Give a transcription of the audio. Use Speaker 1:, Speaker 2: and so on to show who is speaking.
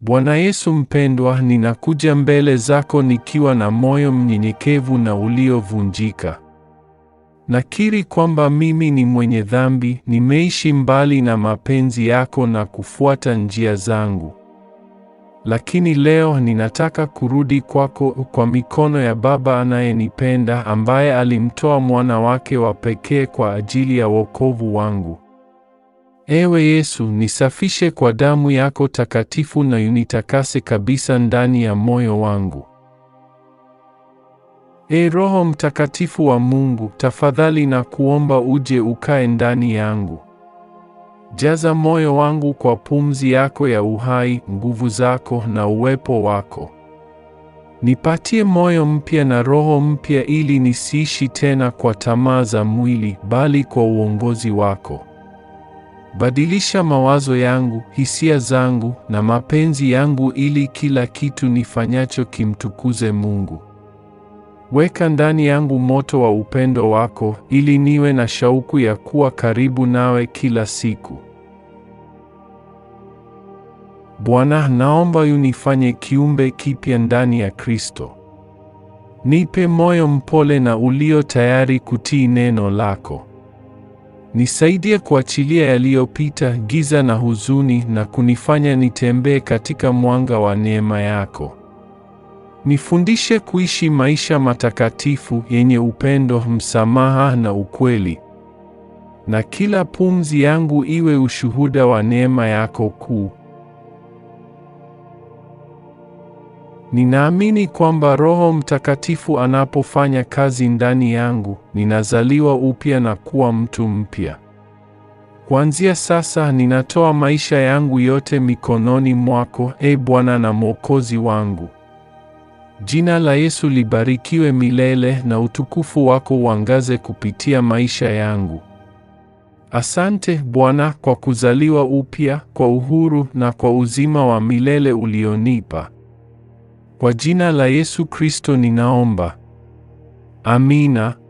Speaker 1: Bwana Yesu mpendwa, ninakuja mbele zako nikiwa na moyo mnyenyekevu na uliovunjika. Nakiri kwamba mimi ni mwenye dhambi, nimeishi mbali na mapenzi yako na kufuata njia zangu lakini leo ninataka kurudi kwako kwa mikono ya Baba anayenipenda ambaye alimtoa mwana wake wa pekee kwa ajili ya wokovu wangu. Ewe Yesu, nisafishe kwa damu yako takatifu na unitakase kabisa ndani ya moyo wangu. E Roho Mtakatifu wa Mungu, tafadhali na kuomba uje ukae ndani yangu. Jaza moyo wangu kwa pumzi yako ya uhai, nguvu zako na uwepo wako. Nipatie moyo mpya na roho mpya ili nisiishi tena kwa tamaa za mwili, bali kwa uongozi wako. Badilisha mawazo yangu, hisia zangu na mapenzi yangu ili kila kitu nifanyacho kimtukuze Mungu. Weka ndani yangu moto wa upendo wako, ili niwe na shauku ya kuwa karibu nawe kila siku. Bwana, naomba unifanye kiumbe kipya ndani ya Kristo. Nipe moyo mpole na ulio tayari kutii neno lako. Nisaidie kuachilia yaliyopita, giza na huzuni, na kunifanya nitembee katika mwanga wa neema yako. Nifundishe kuishi maisha matakatifu yenye upendo, msamaha na ukweli. Na kila pumzi yangu iwe ushuhuda wa neema yako kuu. Ninaamini kwamba Roho Mtakatifu anapofanya kazi ndani yangu, ninazaliwa upya na kuwa mtu mpya. Kuanzia sasa ninatoa maisha yangu yote mikononi mwako, e Bwana na Mwokozi wangu. Jina la Yesu libarikiwe milele na utukufu wako uangaze kupitia maisha yangu. Asante Bwana kwa kuzaliwa upya, kwa uhuru na kwa uzima wa milele ulionipa. Kwa jina la Yesu Kristo ninaomba. Amina.